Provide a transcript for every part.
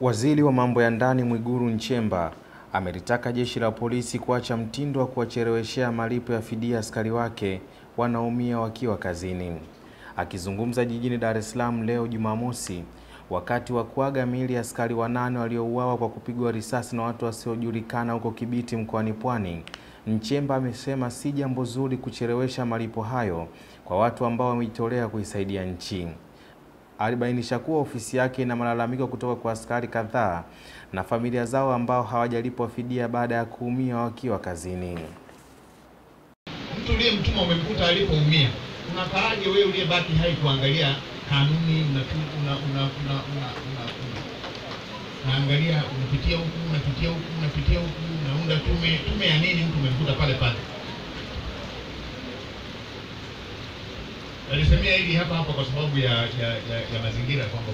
Waziri wa mambo ya ndani Mwigulu Nchemba amelitaka jeshi la polisi kuacha mtindo wa kuwacheleweshea malipo ya fidia askari wake wanaumia wakiwa kazini. Akizungumza jijini Dar es Salaam leo Jumamosi, wakati wa kuaga miili ya askari wanane waliouawa kwa kupigwa risasi na watu wasiojulikana huko Kibiti mkoani Pwani, Nchemba amesema si jambo zuri kuchelewesha malipo hayo kwa watu ambao wamejitolea kuisaidia nchi alibainisha kuwa ofisi yake ina malalamiko kutoka kwa askari kadhaa na familia zao ambao hawajalipwa fidia baada ya kuumia wakiwa kazini. Mtu mtuma umemkuta alipoumia, unakaaje wewe uliyebaki hai kuangalia kanuni una, una, una, una, una, una. Naangalia unapitia huku unapitia huku unapitia huku, naunda tume tume ya nini? Mtu umemkuta pale pale. nalisemea hili hapa hapa kwa sababu ya ya, ya, ya mazingira kwamba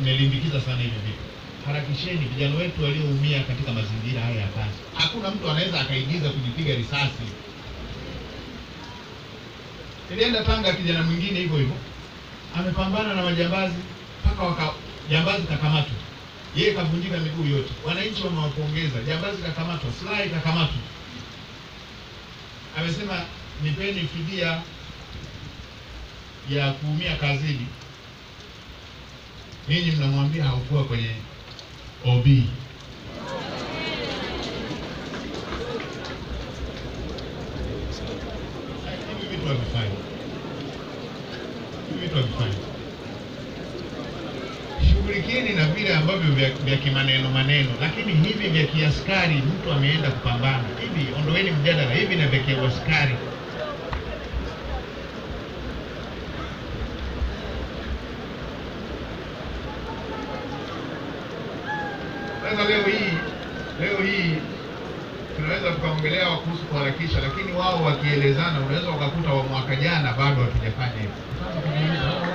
mmelimbikiza sana hivi vitu. Harakisheni vijana wetu walioumia katika mazingira haya ya kazi. Hakuna mtu anaweza akaigiza kujipiga risasi. Nilienda Tanga, kijana mwingine hivyo hivyo amepambana na majambazi mpaka waka jambazi kakamatwa, yeye kavunjika miguu yote, wananchi wamewapongeza, jambazi kakamatwa, silaha ikakamatwa, amesema nipeni fidia ya kuumia kazini, ninyi mnamwambia haukuwa kwenye OB. Hivi vitu havifanyi, hivi vitu havifanyi. Shughulikieni na vile ambavyo vya, vya kimaneno maneno, lakini hivi vya kiaskari, mtu ameenda kupambana hivi, ondoeni mjadala hivi na vya kiaskari Sasa leo hii leo hii tunaweza tukaongelea kuhusu kuharakisha, lakini wao wakielezana, unaweza ukakuta wa mwaka jana bado hatujafanya hivyo.